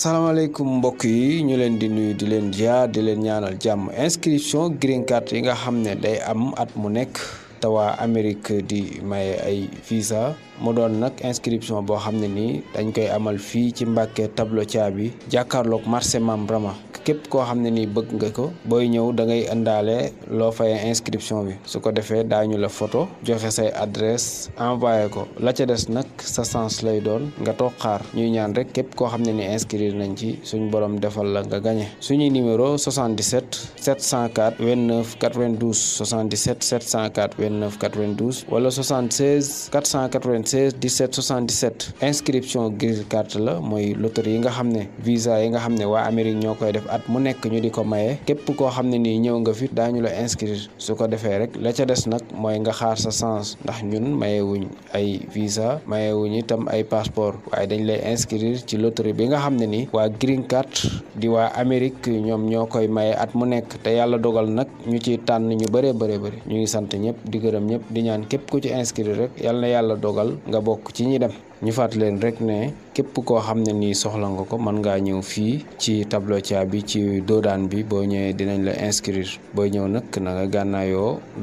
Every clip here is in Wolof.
salaamaaleykum mbokk yi ñu leen di nuyu di leen jaar di leen ñaanal jàmm inscription green card yi nga xam ne day am at mu nekk te waa Amérique di maye ay visa mu doon nag inscription boo xam ne nii dañ koy amal fii ci Mbàkke tableau caabi jàkkaarloog marché Maam ma képp koo xam ne nii bëgg nga ko booy ñëw da ngay indaale loo fay inscription bi su ko defee daañu la photo joxe say adresse envoyé ko la ca des nag sa sens lay doon nga toog xaar ñuy ñaan rek képp koo xam ne ni inscrire nañ ci suñ borom defal la nga gagné suñuy numéro 77 704 29 92 77 704 29 92 wala 76 496 17 77 inscription green card la mooy loterie yi nga xam ne visa yi nga xam ne waa Amérique ñoo koy def mu nekk ñu di ko maye képp koo xam ne nii ñëw nga fi daañu la inscrire su ko defee rek la ca des nag mooy nga xaar sa sens ndax ñun mayewuñ ay visa mayewuñ itam ay passeport waaye dañu lay inscrire ci loterie bi nga xam ne ni waa green card di waa Amérique ñoom ñoo koy maye at mu nekk te yàlla dogal nag ñu ci tànn ñu bëree bëri bëri ñu ngi sant ñëpp di gërëm ñëpp di ñaan képp ku ci inscrire rek yàlla yàlla dogal nga bokk ci ñi dem ñu fàttali leen rek ne képp koo xam ne nii soxla nga ko mën ngaa ñëw fii ci Tablatia bi ci doodaan bi boo ñëwee dinañ la inscrire booy ñëw nag na nga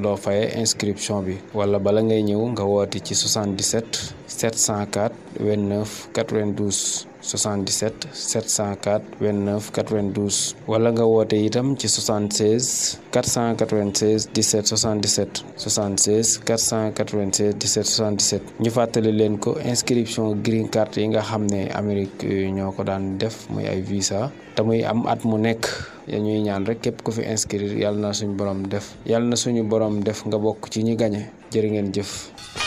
loo faye inscription bi wala bala ngay ñëw nga woote ci 77 704 29 92 77 704 29 92 wala nga woote itam ci 76 496 17 77 76 496 17 77 ñu fàttali leen ko inscription green card yi nga xam ne Amérique ñoo ko daan def muy ay visa te muy am at mu nekk ya ñuy ñaan rek képp ku fi inscrir yàlla na suñu borom def yal na suñu borom def nga bokk ci ñu gañe jër ngeen jëf